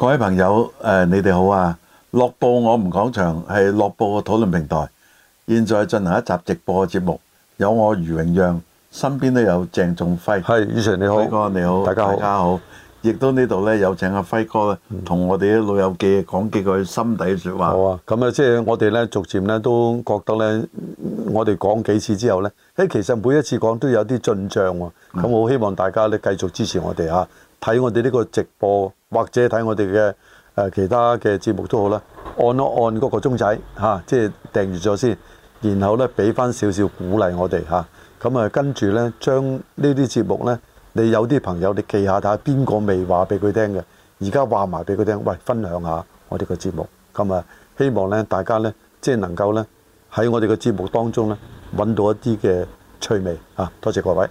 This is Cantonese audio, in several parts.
各位朋友，誒你哋好啊！樂報我們講場，係樂報嘅討論平台。現在進行一集直播嘅節目，有我余榮讓，身邊都有鄭仲輝。係，宇晨你好，輝哥你好，大家大家好。亦都呢度咧有請阿輝哥同我哋啲老友記講幾句心底説話。好啊，咁啊，即係我哋咧逐漸咧都覺得咧，我哋講幾次之後咧，誒其實每一次講都有啲進賬喎、啊。咁我希望大家咧繼續支持我哋啊。睇我哋呢個直播，或者睇我哋嘅，誒其他嘅節目都好啦。按一按嗰個鐘仔，吓、啊，即係訂閱咗先。然後咧，俾翻少少鼓勵我哋吓。咁啊、啊，跟住咧，將呢啲節目咧，你有啲朋友你記下睇下邊個未話俾佢聽嘅，而家話埋俾佢聽。喂，分享下我哋個節目。咁啊，希望咧大家咧，即係能夠咧喺我哋嘅節目當中咧，揾到一啲嘅趣味啊。多謝各位。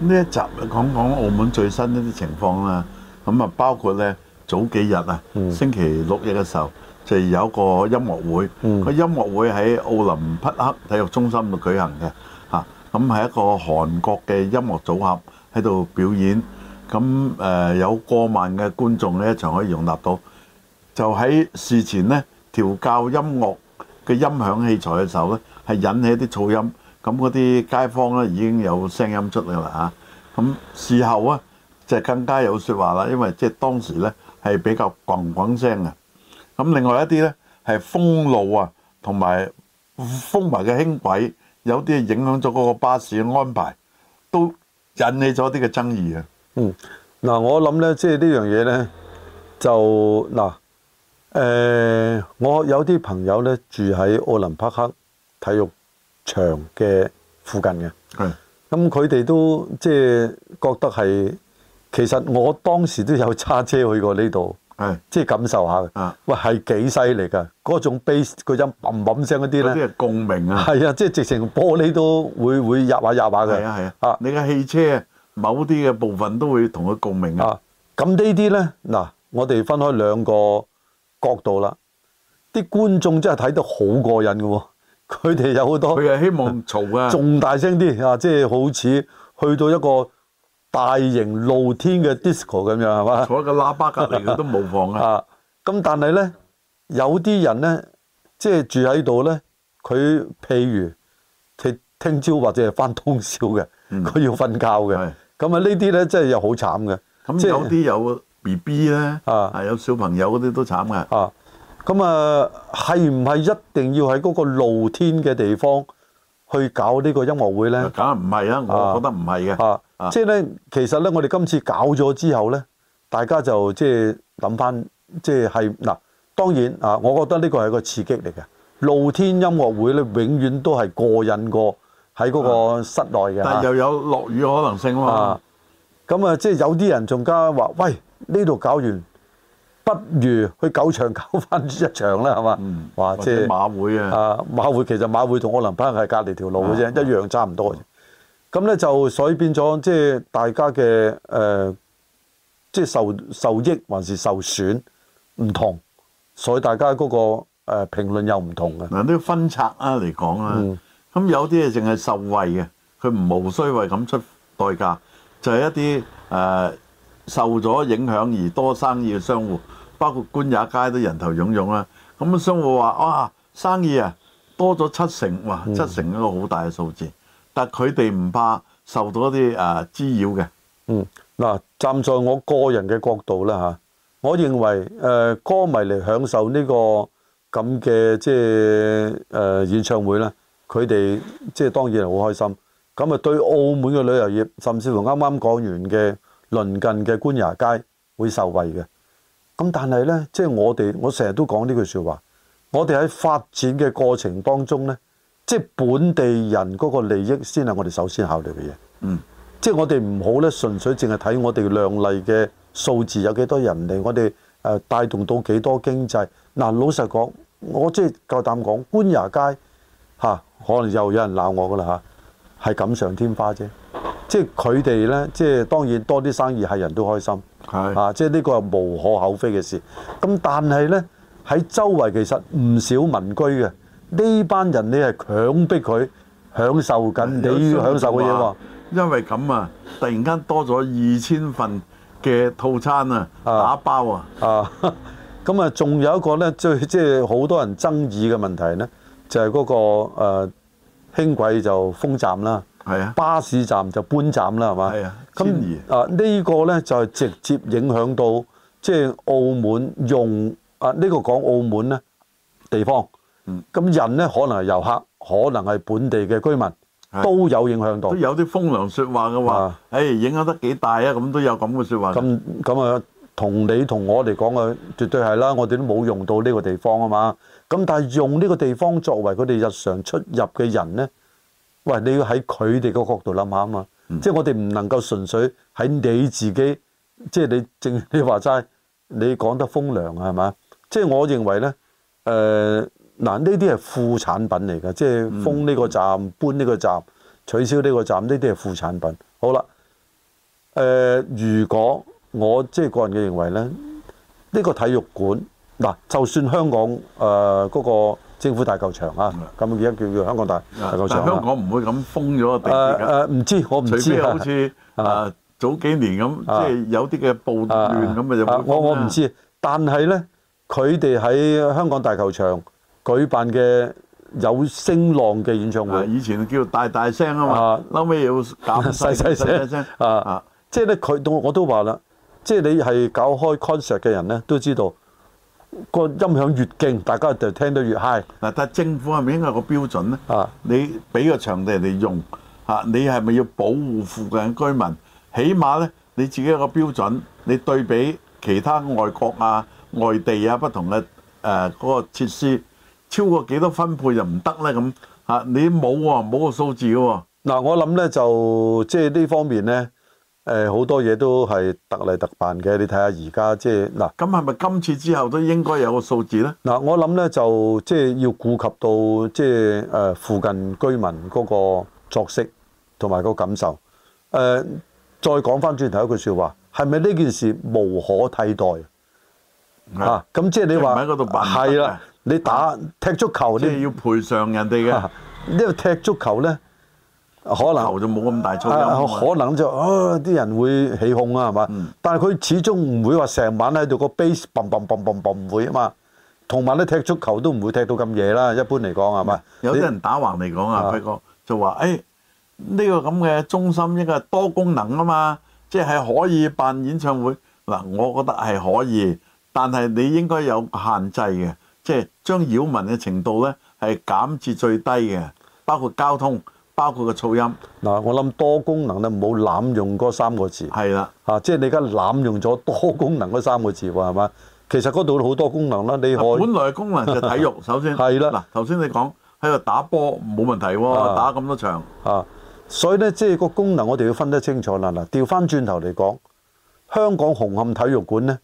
呢一集講講澳門最新一啲情況啦，咁啊，包括咧早幾日啊，星期六日嘅時候就有一個音樂會，個音樂會喺奧林匹克體育中心度舉行嘅，嚇，咁係一個韓國嘅音樂組合喺度表演，咁誒有過萬嘅觀眾咧，一場可以容納到，就喺事前咧調校音樂嘅音響器材嘅時候咧，係引起啲噪音。咁嗰啲街坊咧已經有聲音出嚟啦吓，咁事後啊，就更加有説話啦，因為即係當時咧係比較轟轟聲嘅。咁另外一啲咧係封路啊，同埋封埋嘅輕軌，有啲影響咗嗰個巴士嘅安排，都引起咗啲嘅爭議啊、嗯。嗯，嗱我諗咧，即係呢樣嘢咧，就嗱、是、誒、嗯呃，我有啲朋友咧住喺奧林匹克體育場嘅附近嘅，咁佢哋都即係覺得係，其實我當時都有揸車去過呢度，即係感受下。啊、喂，係幾犀利噶？嗰種 bass 嗰種嗡嗡聲嗰啲咧，即係共鳴啊！係啊，即係直情玻璃都會會壓下壓下嘅。係啊係啊，啊你嘅汽車某啲嘅部分都會同佢共鳴啊。咁呢啲咧嗱，我哋分開兩個角度啦，啲觀眾真係睇得好過癮嘅喎。佢哋有好多，佢係希望嘈啊，仲大聲啲啊！即係好似去到一個大型露天嘅 disco 咁樣，係嘛？坐一個喇叭隔離佢都冇妨啊！咁、嗯、但係咧，有啲人咧，即係住喺度咧，佢譬如聽聽朝或者係翻通宵嘅，佢要瞓覺嘅。咁、嗯、啊，呢啲咧真係又好慘嘅。咁、嗯、有啲有 BB 咧，係、嗯、有小朋友嗰啲都慘㗎。咁啊，係唔係一定要喺嗰個露天嘅地方去搞呢個音樂會呢？梗係唔係啊？我覺得唔係嘅。啊，即係呢，其實呢，我哋今次搞咗之後呢，大家就即係諗翻，即係係嗱，當然啊，我覺得呢個係個刺激嚟嘅。露天音樂會呢，永遠都係過癮過喺嗰個室內嘅。但係又有落雨嘅可能性喎。啊，咁啊，即係有啲人仲加話，喂，呢度搞完。不如去九場搞翻一場啦，係、嗯、嘛？話即係馬會啊，啊馬會其實馬會同柯林賓係隔籬條路嘅啫、啊，一樣差唔多嘅。咁、啊、咧就所以變咗即係大家嘅誒，即、呃、係、就是、受受益還是受損唔同，所以大家嗰、那個誒、呃、評論又唔同嘅嗱，呢啲分拆啊嚟講啊，咁、嗯、有啲誒淨係受惠嘅，佢唔無需為咁出代價，就係、是、一啲誒、呃、受咗影響而多生意嘅商戶。包括官也街都人頭涌湧啦。咁啊，商戶話：哇，生意啊多咗七成，哇，七成一個好大嘅數字。但佢哋唔怕受到一啲誒滋擾嘅。嗯。嗯，嗱，站在我個人嘅角度啦嚇，我認為誒歌迷嚟享受呢個咁嘅即係誒演唱會咧，佢哋即係當然係好開心。咁啊，對澳門嘅旅遊業，甚至乎啱啱講完嘅鄰近嘅官也街會受惠嘅。咁但係呢，即係我哋，我成日都講呢句説話，我哋喺發展嘅過程當中呢，即係本地人嗰個利益先係我哋首先考慮嘅嘢。嗯，即係我哋唔好呢，純粹淨係睇我哋量力嘅數字有幾多人嚟，我哋誒帶動到幾多經濟。嗱，老實講，我即係夠膽講官衙街吓，可能又有人鬧我噶啦吓，係錦上添花啫。即係佢哋咧，即係當然多啲生意係人都開心，係啊，即係呢個無可厚非嘅事。咁但係咧，喺周圍其實唔少民居嘅呢班人，你係強迫佢享受緊你享受嘅嘢喎。因為咁啊，突然間多咗二千份嘅套餐啊，啊，打包啊，啊咁啊，仲有一個咧，最即係好多人爭議嘅問題咧，就係嗰個誒輕軌就封站啦。係啊，巴士站就搬站啦，係嘛？係啊，遷移啊，個呢個咧就係、係、直接影響到，即、就、係、係、澳門用啊呢、呢個講澳門咧地方。咁、嗯、人咧可能係遊客，可能係本地嘅居民、啊，都有影響到。都有啲風涼説話嘅話，誒、啊哎、影響得幾大啊？咁都有咁嘅説話。咁咁啊，同你同我哋講嘅，絕對係啦。我哋都冇用到呢個地方啊嘛。咁但係用呢個地方作為佢哋日常出入嘅人咧。喂，你要喺佢哋個角度諗下啊嘛、嗯，即係我哋唔能夠純粹喺你自己，即、就、係、是、你正你話齋，你講得風涼啊，係咪？即係我認為咧，誒嗱呢啲係副產品嚟㗎，即係封呢個站、搬呢個站、取消呢個站，呢啲係副產品。好啦，誒、呃、如果我即係個人嘅認為咧，呢、這個體育館嗱、呃，就算香港誒嗰、呃那個。政府大球場啊，咁而家叫香港大大球場、啊、香港唔會咁封咗個地啊啊。誒、啊、唔知我唔知好似誒、啊、早幾年咁，是是是是即係有啲嘅暴亂咁啊，就我我唔知，但係咧，佢哋喺香港大球場舉辦嘅有聲浪嘅演唱會。以前叫大大聲啊嘛，是是是後尾要減細細聲啊。即係咧，佢我我都話啦，即係你係搞開 concert 嘅人咧，都知道。那個音響越勁，大家就聽得越嗨嗱，但係政府係咪應該有個標準咧？啊，你俾個場地嚟用，吓，你係咪要保護附近居民？起碼咧，你自己有個標準，你對比其他外國啊、外地啊、不同嘅誒、呃，那個設施，超過幾多分配就唔得咧咁。吓，你冇喎、啊，冇個數字嘅嗱、啊、呃，我諗咧就即係呢方面咧。誒好多嘢都係特例特辦嘅，你睇下而家即係嗱，咁係咪今次之後都應該有個數字咧？嗱、啊，我諗咧就即係、就是、要顧及到即係誒附近居民嗰個作息同埋個感受。誒、啊，再講翻轉頭一句説話，係咪呢件事無可替代啊？咁即係你話喺嗰度辦係啦，你打的踢足球，你、就、係、是、要賠償人哋嘅。呢、啊、因為踢足球咧。可能，啊、可能就冇咁大噪音，可能就啊，啲人會起哄啊，係嘛？嗯、但係佢始終唔會話成晚喺度個 base 嘣嘣嘣嘣嘣會啊嘛。同埋咧，你踢足球都唔會踢到咁夜啦。一般嚟講係嘛？有啲人打橫嚟講啊，輝哥就話：誒、這、呢個咁嘅中心，應該係多功能啊嘛，即、就、係、是、可以辦演唱會嗱。我覺得係可以，但係你應該有限制嘅，即、就、係、是、將擾民嘅程度咧係減至最低嘅，包括交通。包括個噪音嗱，我諗多功能咧唔好濫用嗰三,三個字，係啦，即係你而家濫用咗多功能嗰三個字係嘛？其實嗰度好多功能啦，你本來功能就體育， 首先係啦。嗱，頭先你講喺度打波冇問題喎，打咁多場，啊，所以咧即係個功能我哋要分得清楚啦。嗱，調翻轉頭嚟講，香港紅磡體育館咧。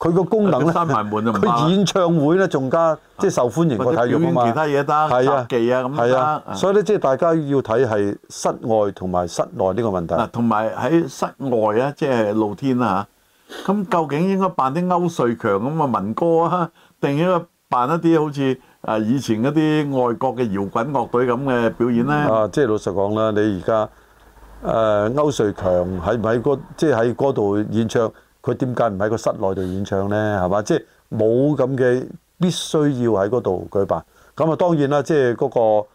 佢個功能咧，佢演唱會咧仲加即係受歡迎嘅體育啊嘛，係啊，所以咧即係大家要睇係室外同埋室內呢個問題。嗱，同埋喺室外啊，即係露天啊嚇，咁究竟應該扮啲歐瑞強咁嘅民歌啊，定應該扮一啲好似啊以前嗰啲外國嘅搖滾樂隊咁嘅表演咧？啊，即係老實講啦，你而家誒歐瑞強喺唔喺個即係喺嗰度演唱？佢點解唔喺個室內度演唱咧？係嘛，即係冇咁嘅必須要喺嗰度舉辦。咁啊，當然啦，即係嗰個、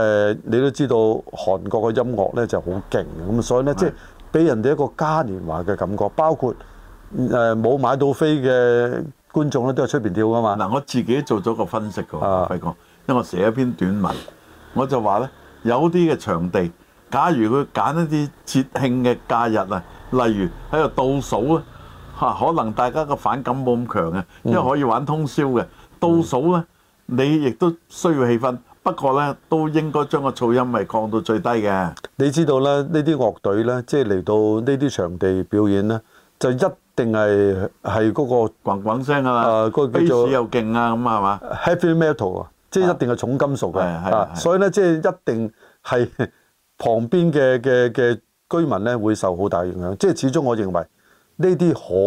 呃、你都知道韓國嘅音樂咧就好勁嘅。咁所以咧，即係俾人哋一個嘉年華嘅感覺。包括誒冇、呃、買到飛嘅觀眾咧，都喺出邊跳噶嘛、啊。嗱，我自己做咗個分析嘅輝哥，啊、因為我寫一篇短文，我就話咧，有啲嘅場地，假如佢揀一啲節慶嘅假日啊，例如喺度倒數咧。嚇，可能大家個反感冇咁強嘅，因為可以玩通宵嘅。倒數咧，你亦都需要氣氛，不過咧都應該將個噪音係降到最低嘅。你知道咧，呢啲樂隊咧，即係嚟到呢啲場地表演咧，就一定係係嗰個轟轟聲啊嘛，bass 又勁啊咁係嘛，heavy metal 啊，即係一定係重金屬嘅，係啊，所以咧即係一定係旁邊嘅嘅嘅居民咧會受好大影響。即係始終，我認為。呢啲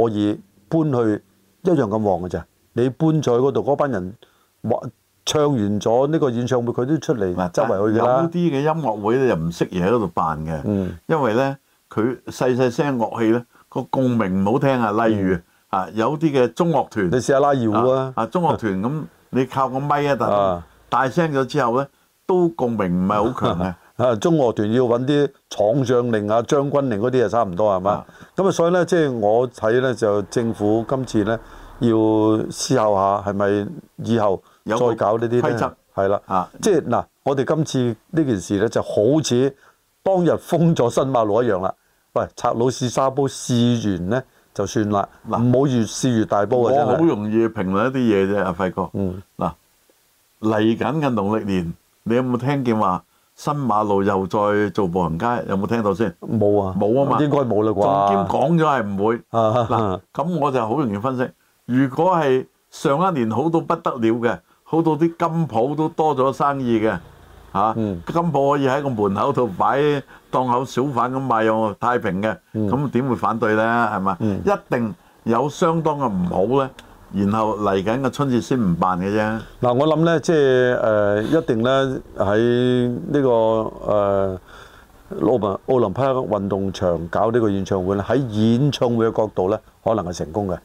可以搬去一樣咁旺嘅咋？你搬在嗰度，嗰班人或唱完咗呢個演唱會，佢都出嚟。嗱，周圍去。有啲嘅音樂會咧又唔識嘢喺度辦嘅，嗯、因為咧佢細細聲樂器咧個共鳴唔好聽啊。例如、嗯、啊，有啲嘅中樂團，你試下拉搖啊啊中樂團咁， 咁你靠個咪啊，但大聲咗之後咧都共鳴唔係好強啊。 啊！中和團要搵啲闖將令啊、將軍令嗰啲啊，差唔多係嘛。咁啊，所以咧，即係我睇咧，就政府今次咧要思考下，係咪以後再搞呢啲咧？係啦，即係嗱，我哋今次呢件事咧，就好似當日封咗新馬路一樣啦。喂，拆老式沙煲，試完咧就算啦，唔好越試越大煲啊！我好容易評論一啲嘢啫，阿輝哥。嗯。嗱，嚟緊嘅農曆年，你有冇聽見話？新馬路又再做步行街，有冇聽到先？冇啊，冇啊嘛，應該冇啦啩。仲兼講咗係唔會嗱，咁 我就好容易分析。如果係上一年好到不得了嘅，好到啲金鋪都多咗生意嘅，嚇、啊嗯，金鋪可以喺個門口度擺檔口小販咁賣哦，太平嘅，咁、嗯、點會反對咧？係嘛、嗯，一定有相當嘅唔好咧。然後嚟緊個春節先唔辦嘅啫。嗱、就是，我諗咧，即係誒一定咧喺呢在、這個誒、呃、奧林匹克運動場搞呢個演唱會咧，喺演唱會嘅角度咧，可能係成功嘅，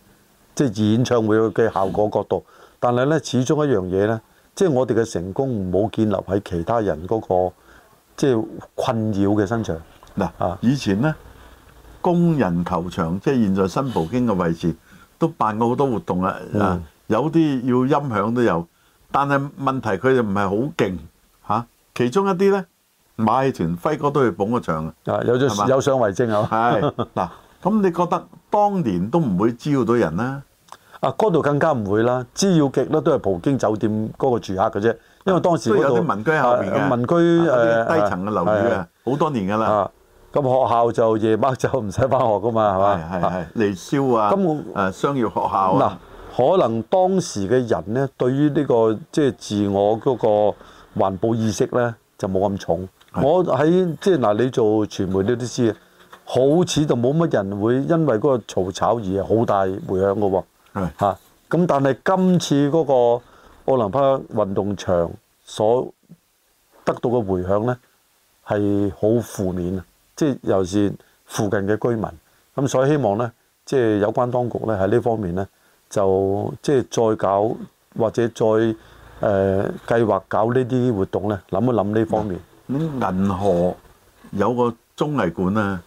即、就、係、是、演唱會嘅效果角度。但係咧，始終一樣嘢咧，即、就、係、是、我哋嘅成功唔好建立喺其他人嗰、那個即係、就是、困擾嘅身上。嗱啊，以前咧、啊、工人球場，即、就、係、是、現在，在新葡京嘅位置。都辦過好多活動啦，嗯、啊有啲要音響都有，但係問題佢哋唔係好勁嚇。其中一啲咧，馬戲團輝哥都去捧個場啊，有咗有相為證 啊。係嗱，咁你覺得當年都唔會招到人啦？啊嗰度更加唔會啦，招極啦都係葡京酒店嗰個住客嘅啫，因為當時、啊、都有啲民居下面嘅、啊、民居誒、啊、低層嘅樓宇啊，好多年噶啦。咁學校就夜晚就唔使翻學噶嘛，係嘛？係係係，嚟燒啊！咁誒商業學校嗱、啊，可能當時嘅人咧，對於呢、這個即係、就是、自我嗰個環保意識咧，就冇咁重。我喺即係嗱，你做傳媒呢啲師，好似就冇乜人會因為嗰個嘈吵而係好大迴響㗎喎、啊。咁、啊、但係今次嗰個奧林匹克運動場所得到嘅迴響咧，係好負面啊！即係尤其是附近嘅居民，咁所以希望咧，即係有關當局咧喺呢方面咧，就即係再搞或者再誒計劃搞呢啲活動咧，諗一諗呢方面、嗯。咁銀河有個綜藝館啊，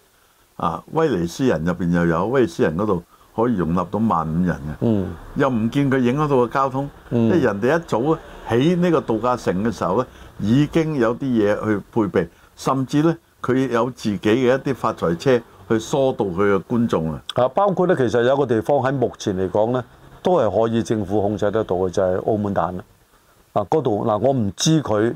啊威尼斯人入邊又有威尼斯人嗰度可以容納到萬五人嘅、啊，嗯，又唔見佢影響到個交通，即係人哋一早起呢個度假城嘅時候咧，已經有啲嘢去配備，甚至咧。佢有自己嘅一啲發財車去疏導佢嘅觀眾啊！啊，包括咧，其實有個地方喺目前嚟講咧，都係可以政府控制得到嘅，就係、係、澳門蛋啦。啊，嗰度嗱，我唔知佢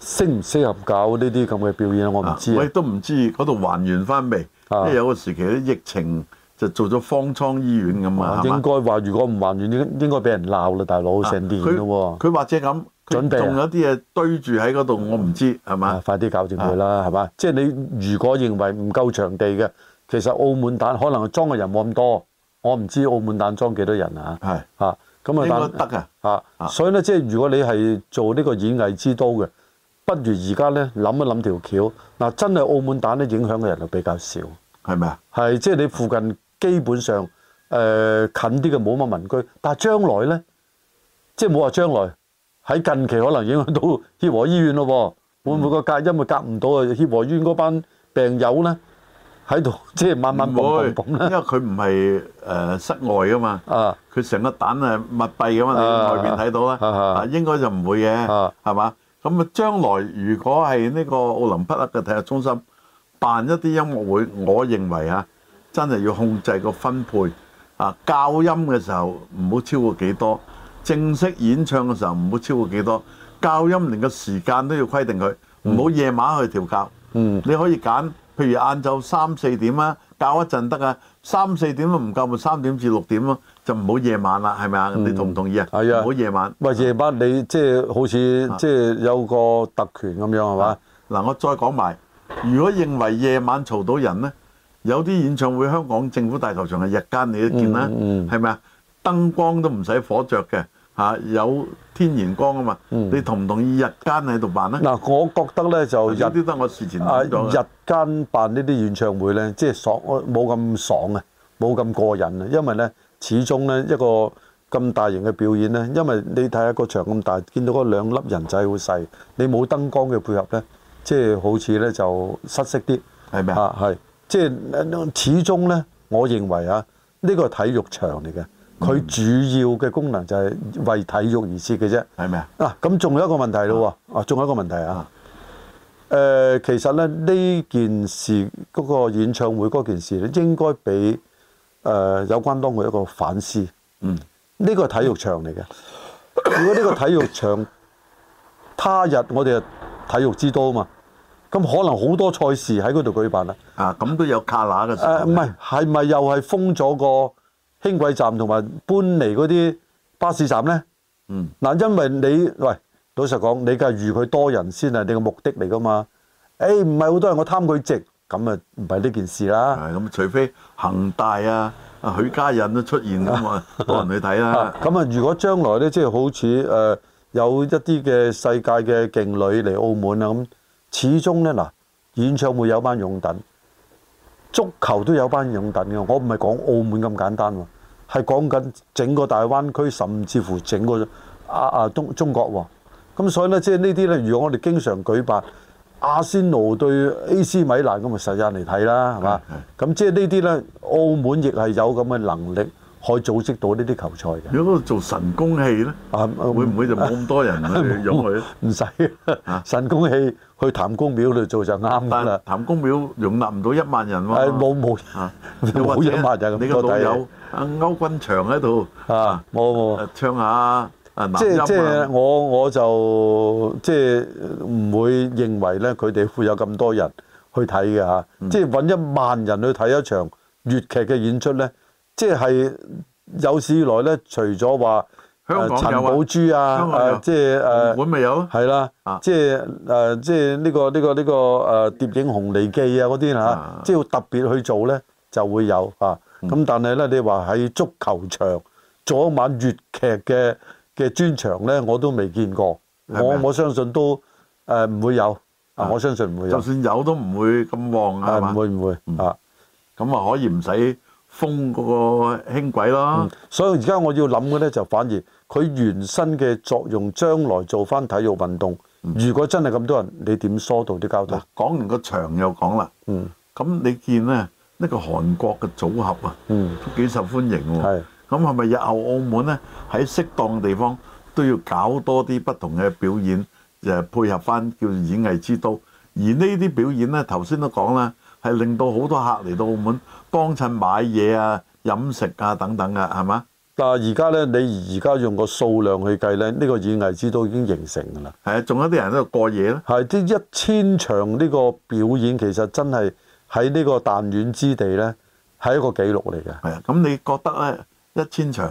適唔適合搞呢啲咁嘅表演不啊，啊，我唔知我亦都唔知嗰度還原翻未？即、啊、因為有個時期啲疫情就做咗方艙醫院咁啊。應該話，如果唔還原，應該應該俾人鬧啦，大佬成、啊、年啦喎、啊。佢或者咁。仲有啲嘢堆住喺嗰度，我唔知係嘛？快啲搞掂佢啦，係嘛？即係你如果認為唔夠場地嘅，其實澳門蛋可能裝嘅人冇咁多，我唔知澳門蛋裝幾多人啊？係啊，咁、嗯、啊應該得嘅啊，所以咧，即係如果你係做呢個演藝之都嘅，啊、不如而家咧諗一諗條橋嗱，真係澳門蛋咧影響嘅人就比較少，係咪啊？係，即係你附近基本上誒、呃、近啲嘅冇乜民居，但係將來咧，即係冇話將來。喺近期可能影響到協和醫院咯，會唔會個隔音咪隔唔到啊？協和醫院嗰班病友咧喺度，即係慢慢會，因為佢唔係誒室外㗎嘛，佢成個蛋係密閉㗎嘛，你外邊睇到咧，應該就唔會嘅，係嘛？咁啊，將來如果係呢個奧林匹克嘅體育中心辦一啲音樂會，我認為啊真係要控制個分配啊，校音嘅時候唔好超過幾多。正式演唱嘅時候，唔好超過幾多，教音連嘅時間都要規定佢，唔好夜晚去調教。你可以揀，譬如，晏晝三,四點，教一陣得。嚇有天然光啊嘛，你同唔同意日間喺度辦咧？嗱，我覺得咧就日啲得。我事前講咗日間辦呢啲演唱會咧，即係爽冇咁爽啊，冇咁過癮啊。因為咧，始終咧一個咁大型嘅表演咧，因為你睇下個場咁大，見到嗰兩粒人仔好細，你冇燈光嘅配合咧，即係好似咧就失色啲。係咪啊？係即係始終咧，我認為啊，呢個係體育場嚟嘅。佢主要嘅功能就係為體育而設嘅啫。係咩啊？嗱，咁、啊、仲有一個問題咯喎、啊。啊，仲、啊、有一個問題啊。誒、啊呃，其實咧呢這件事嗰、那個演唱會嗰件事咧，應該俾誒、呃、有關當局一個反思。嗯。呢、這個是體育場嚟嘅。如果呢個體育場， 他日我哋體育之都啊嘛，咁可能好多賽事喺嗰度舉辦啦。啊，咁都有卡拿嘅時候。誒唔係，係、啊、咪又係封咗個？輕軌站同埋搬嚟嗰啲巴士站咧，嗯，嗱，因為你喂，老實講，你梗係預佢多人先係，你個目的嚟噶嘛？誒、欸，唔係好多人，我貪佢值，咁啊，唔係呢件事啦。係咁，除非恒大啊、許家印都出現咁啊，多人去睇啦。咁啊，啊如果將來咧，即、就、係、是、好似誒、呃、有一啲嘅世界嘅勁旅嚟澳門啊，咁始終咧嗱、呃，演唱會有班擁躉。足球都有班擁躉嘅，我唔係講澳門咁簡單喎，係講緊整個大灣區甚至乎整個啊啊中中國喎。咁所以咧，即係呢啲咧，如果我哋經常舉辦阿仙奴對 A.C. 米蘭咁咪實日嚟睇啦，係嘛？咁、嗯、即係呢啲咧，澳門亦係有咁嘅能力。可以組織到呢啲球賽嘅。如果做神功戲咧，啊，會唔會就冇咁多人啊？去用佢咧？唔使神功戲去譚公廟度做就啱啦。譚公廟容納唔到一萬人喎。係冇冇冇一萬人咁多睇啊！你個老友阿歐君祥喺度啊，我唱下南音即係即係我我就即係唔會認為咧佢哋會有咁多人去睇嘅嚇。即係揾一萬人去睇一場粵劇嘅演出咧。即係有史以來咧，除咗話陳寶珠啊，即係誒本未有，係、呃、啦、啊啊，即係誒、呃、即係、這、呢個呢呢、這個這個呃、蝶影紅梨記啊那些啊》啊嗰啲嚇，即係特別去做咧就會有咁、啊嗯、但係咧，你話喺足球場做一晚粵劇嘅嘅專場咧，我都未見過。我我相信都誒唔、呃、會有、啊啊。我相信唔會有、啊。就算有都唔會咁旺㗎，唔會唔會啊？咁、嗯、啊可以唔使。封嗰個輕軌咯，所以而家我要諗嘅咧就反而佢原生嘅作用，將來做翻體育運動。如果真係咁多人，你點疏導啲交通？講完個場又講啦。嗯，咁你見咧呢個韓國嘅組合啊，都幾受歡迎喎。係，咁係咪日後澳門咧喺適當嘅地方都要搞多啲不同嘅表演，誒配合翻叫演藝之都。而呢啲表演咧，頭先都講啦，係令到好多客嚟到澳門。幫襯買嘢啊、飲食啊等等啊，係嘛？但係而家咧，你而家用個數量去計咧，呢個演藝之都已經形成噶啦。係啊，仲有啲人喺度過夜咧。係一千場呢個表演，其實真係喺呢個彈丸之地咧，係一個紀錄嚟嘅。係啊，咁你覺得咧一千場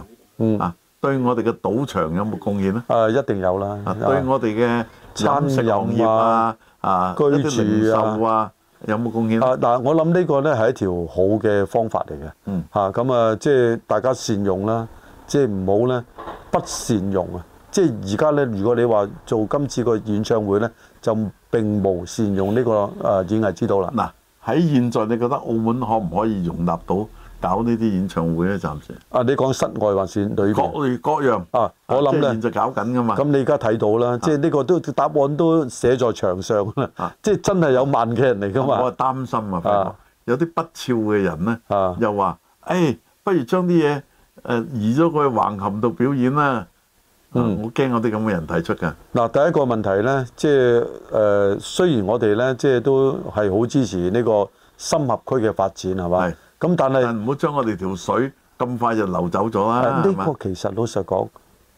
啊，對我哋嘅賭場有冇貢獻咧？嗯啊、一定有啦、啊。對我哋嘅餐食行業啊，啊、啊，居住啊。有冇貢獻啊？嗱，我諗呢個咧係一條好嘅方法嚟嘅。嗯。嚇，咁啊，即係大家善用啦，即係唔好呢，不善用啊。即係而家呢，如果你話做今次個演唱會呢，就並無善用呢個誒演藝之道啦。嗱，喺現在，你覺得澳門可唔可以容納到？搞呢啲演唱會咧，暫時啊，你講室外還是類各類各樣啊？我諗咧，即現在，在搞緊噶嘛。咁你而家睇到啦、啊，即係呢個都答案都寫在牆上啦、啊。即係真係有萬幾人嚟噶嘛、啊？我係擔心啊，有啲不肖嘅人咧，啊、又話，誒、哎，不如將啲嘢誒移咗去橫琴度表演啦。嗯，嗯，我驚我啲咁嘅人提出㗎。嗱，第一個問題咧，即係誒、呃，雖然我哋咧，即係都係好支持呢個深合區嘅發展，係咪？咁但係唔好將我哋條水咁快就流走咗啦。呢個其實老實講，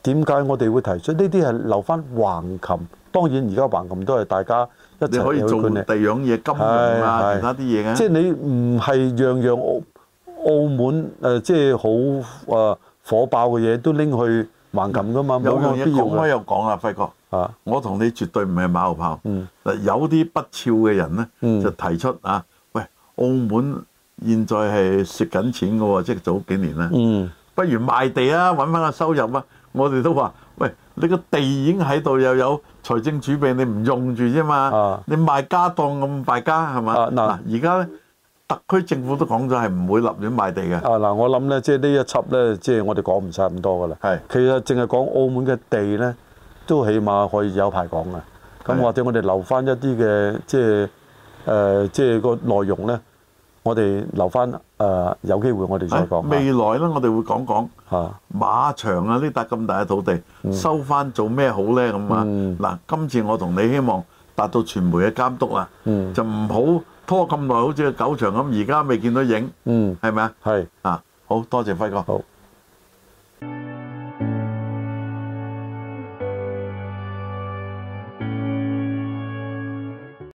點解我哋會提出呢啲係留翻橫琴？當然而家橫琴都係大家一齊去管理。你可以做第二樣嘢金融啊，其他啲嘢嘅。即係、就是、你唔係樣樣澳澳門誒，即係好誒火爆嘅嘢都拎去橫琴噶嘛？冇乜必要。講開又講啦，輝哥。啊，我同你絕對唔係馬後炮。嗯。嗱，有啲不肖嘅人咧，就提出啊、嗯嗯，喂，澳門。現在係蝕緊錢嘅喎，即係早幾年咧，嗯，不如賣地啊，揾翻個收入啊！我哋都話，喂，你個地已經喺度，又有財政儲備，你唔用住啫嘛？啊，你賣家當咁敗家係嘛？嗱，而家咧，特區政府都講咗係唔會立亂賣地嘅。啊嗱，我諗咧，即係呢一輯咧，即係我哋講唔晒咁多嘅啦。係，其實淨係講澳門嘅地咧，都起碼可以有排講嘅。咁或者我哋留翻一啲嘅，即係誒，即係個內容咧。我哋留翻，誒，有機會我哋再講。未來呢，我哋會講講馬場啊，呢笪咁大嘅土地收翻做咩好咧？咁啊，嗱，今次我同你希望達到傳媒嘅監督啦，就唔好拖咁耐，好似個狗場咁，而家未見到影，嗯，係咪啊？係啊，好多謝謝輝哥。